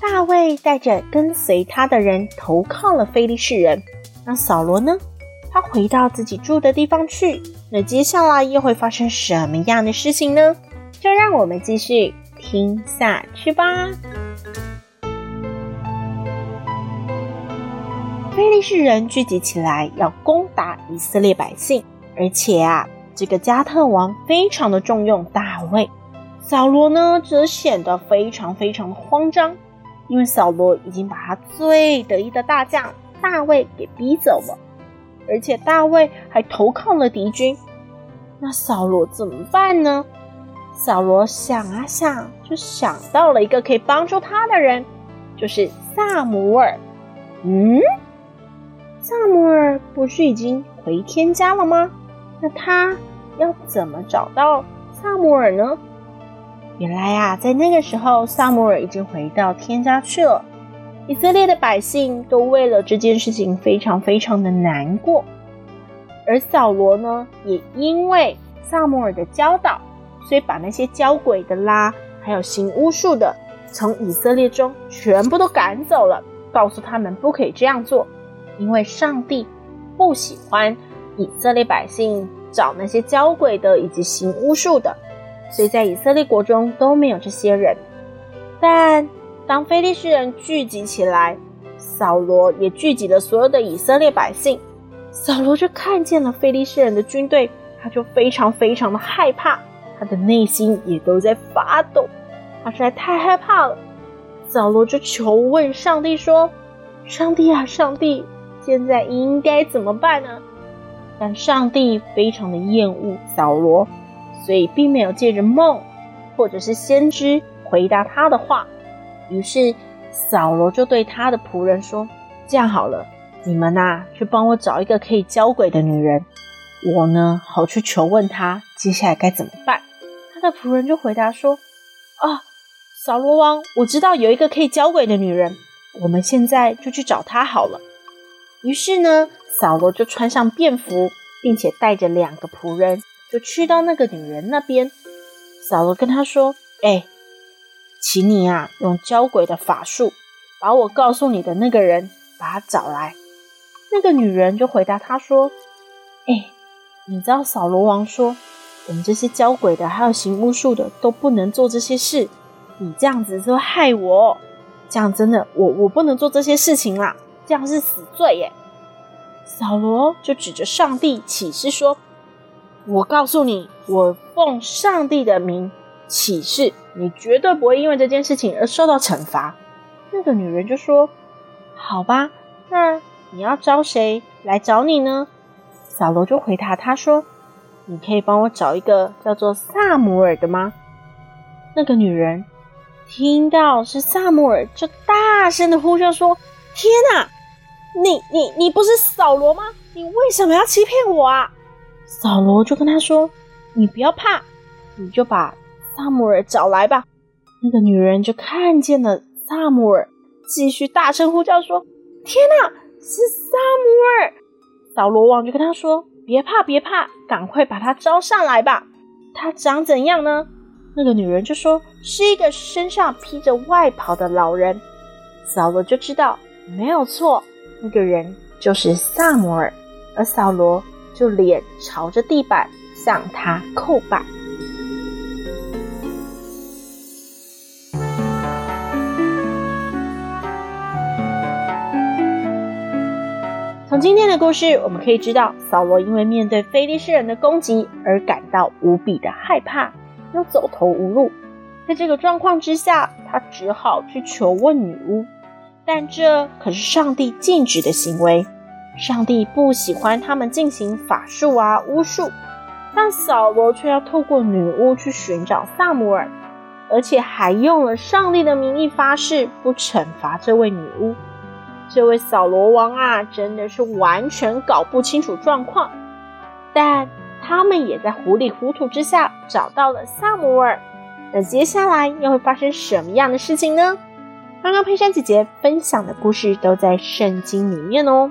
大衛帶着跟隨他的人投靠了非利士人，那掃羅呢？他回到自己住的地方去。那接下來又會發生什麼樣的事情呢？就讓我們繼續聽下去吧。非利士人聚集起來要攻打以色列百姓，而且啊，這個加特王非常的重用大衛，掃羅呢則顯得非常非常慌張。因為掃羅已經把他最得意的大將大衛給逼走了，而且大衛還投靠了敵軍。那掃羅怎麼辦呢？掃羅想啊想，就想到了一個可以幫助他的人，就是撒母耳。嗯，撒母耳不是已經回天家了嗎？那他要怎麼找到撒母耳呢？原來呀、啊，在那個時候，撒母耳已經回到天家去了。以色列的百姓都為了這件事情非常非常的難過，而掃羅呢，也因為撒母耳的教導，所以把那些交鬼的啦，還有行巫術的，從以色列中全部都趕走了，告訴他們不可以這樣做，因為上帝不喜歡以色列百姓找那些交鬼的以及行巫術的。所以在以色列國中都沒有這些人，但當非利士人聚集起來，掃羅也聚集了所有的以色列百姓，掃羅就看見了非利士人的軍隊，他就非常非常的害怕，他的內心也都在發抖，他實在太害怕了。掃羅就求問上帝說：“上帝啊，上帝，現在應該怎麼辦呢？”但上帝非常的厭惡掃羅。所以並沒有借着夢，或者是先知回答他的話。於是掃羅就對他的僕人說：“這樣好了，你們吶、啊、去幫我找一個可以交鬼的女人，我呢好去求問他接下來該怎麼辦。”他的僕人就回答說：“啊，掃羅王，我知道有一個可以交鬼的女人，我們現在就去找她好了。”於是呢，掃羅就穿上便服，並且帶着兩個僕人。就去到那個女人那邊，掃羅跟他說：“哎、欸，請你啊，用交鬼的法術，把我告訴你的那個人，把他找來。”那個女人就回答他說：“哎、欸，你知道掃羅王說，我們這些交鬼的還有行巫術的都不能做這些事，你這樣子都害我、哦，這樣真的，我我不能做這些事情啦，這樣是死罪耶。”掃羅就指着上帝起誓說。我告訴你，我奉上帝的名起誓，你絕對不會因為這件事情而受到懲罰。那個女人就說：“好吧，那你要招誰來找你呢？”掃羅就回答他說：“你可以幫我找一個叫做撒母耳的嗎？”那個女人聽到是撒母耳，就大聲的呼叫說：“天哪、啊，你你你不是掃羅嗎？你為什麼要欺騙我啊？”掃羅就跟他說：“你不要怕，你就把撒母耳找來吧。”那個女人就看見了撒母耳，繼續大聲呼叫說：“天哪，是撒母耳！”掃羅王就跟他說：“別怕，別怕，趕快把他招上來吧。”他長怎樣呢？那個女人就說：“是一個身上披着外袍的老人。”掃羅就知道沒有錯，那個人就是撒母耳。而掃羅。就臉朝着地板向他叩拜。從今天的故事，我們可以知道，掃羅因為面對非利士人的攻擊而感到無比的害怕，又走投無路，在這個狀況之下，他只好去求問女巫，但這可是上帝禁止的行為。上帝不喜歡他們進行法術啊、巫術，但掃羅卻要透過女巫去尋找撒母耳，而且還用了上帝的名義發誓不懲罰這位女巫。這位掃羅王啊，真的是完全搞不清楚狀況，但他們也在糊裡糊塗之下找到了撒母耳。那接下來又會發生什麼樣的事情呢？剛剛佩珊姐姐分享的故事都在聖經裡面哦。